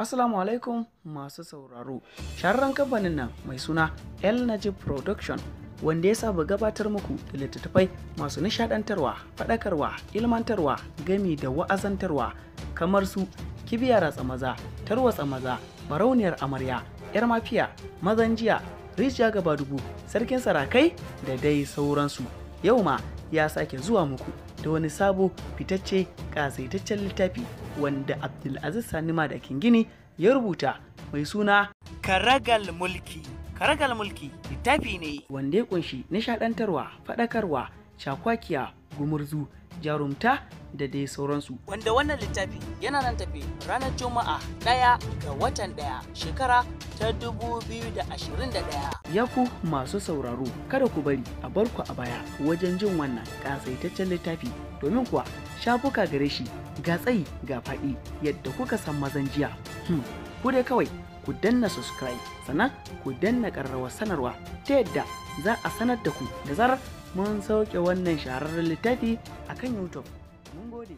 Assalamu alaikum masu sauraro. Sharran kamfanin nan mai suna El Najib Production wanda ya saba gabatar muku da littattafai masu nishadantarwa, faɗakarwa, ilmantarwa, gami da wa'azantarwa kamar su kibiyar ratsa maza, tarwatsa maza, barauniyar amarya, 'yar mafiya, mazan jiya, rijiya gaba dubu, sarkin sarakai da dai sauransu. Yau ma ya sake zuwa muku da wani sabo fitacce kasaitaccen littafi wanda abdulaziz sani dakin gini ya rubuta mai suna karagal mulki karagal mulki littafi ne wanda ya kunshi nishadantarwa faɗakarwa shakwakiya gumurzu jarumta da dai sauransu. Wanda wannan littafi yana nan tafi ranar Juma'a ɗaya ga watan ɗaya shekara ta dubu biyu da da ashirin 2021. Ya ku masu sauraro kada ku bari a barku a baya wajen jin wannan ƙasaitaccen littafi domin kuwa shafuka gare shi ga tsayi ga faɗi yadda kuka san mazan jiya. Hmm, ku dai kawai ku danna subscribe sannan ku danna ƙararrawar sanarwa ta yadda za a sanar da ku da zarar mun sauke wannan shahararren littafi akan youtube mun gode